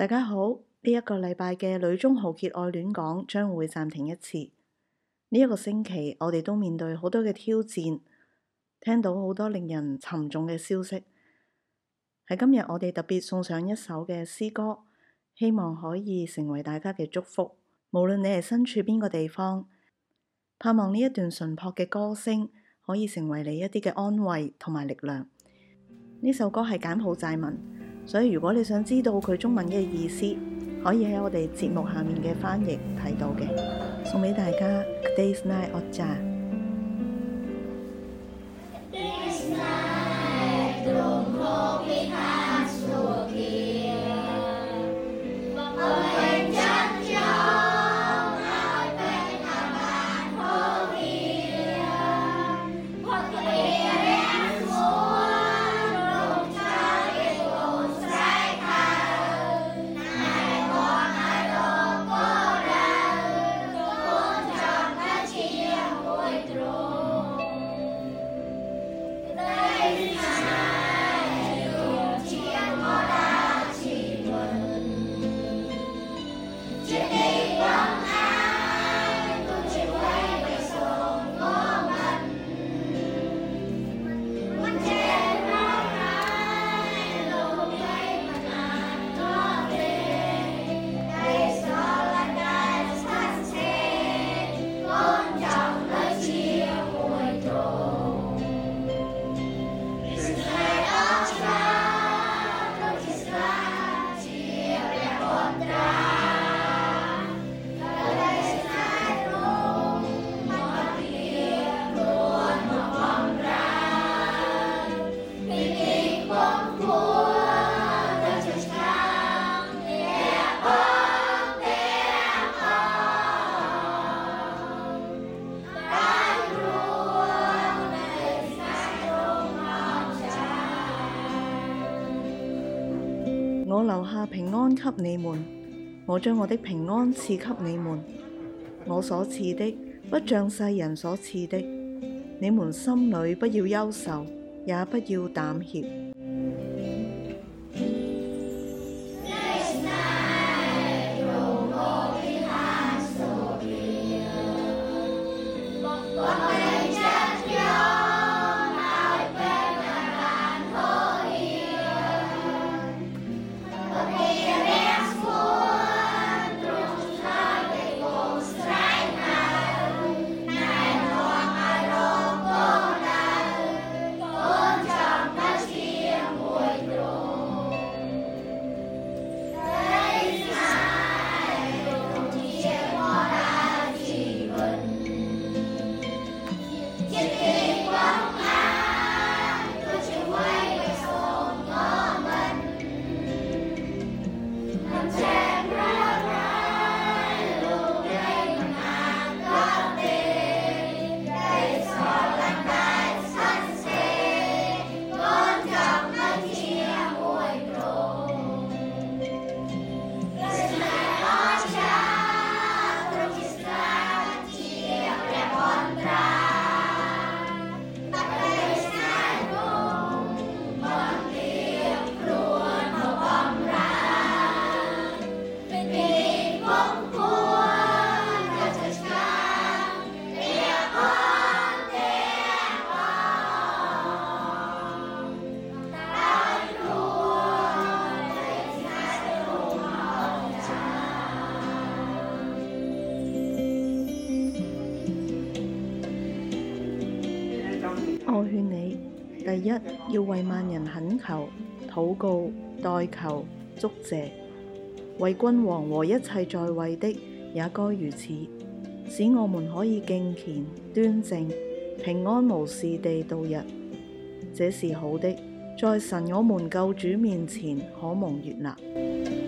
大家好，呢、這、一個禮拜嘅《女中豪傑愛戀講》將會暫停一次。呢、這、一個星期我哋都面對好多嘅挑戰，聽到好多令人沉重嘅消息。喺今日我哋特別送上一首嘅詩歌，希望可以成為大家嘅祝福。無論你係身處邊個地方，盼望呢一段純樸嘅歌聲可以成為你一啲嘅安慰同埋力量。呢首歌係柬埔寨文。所以如果你想知道佢中文嘅意思，可以喺我哋節目下面嘅翻譯睇到嘅，送俾大家。Today's night, I'll y 我留下平安給你們，我將我的平安賜給你們。我所賜的，不像世人所賜的。你們心裏不要憂愁，也不要膽怯。第一，要為萬人懇求、禱告、代求、祝謝，為君王和一切在位的也該如此，使我們可以敬虔、端正、平安無事地度日。這是好的，在神我們救主面前可蒙悅納。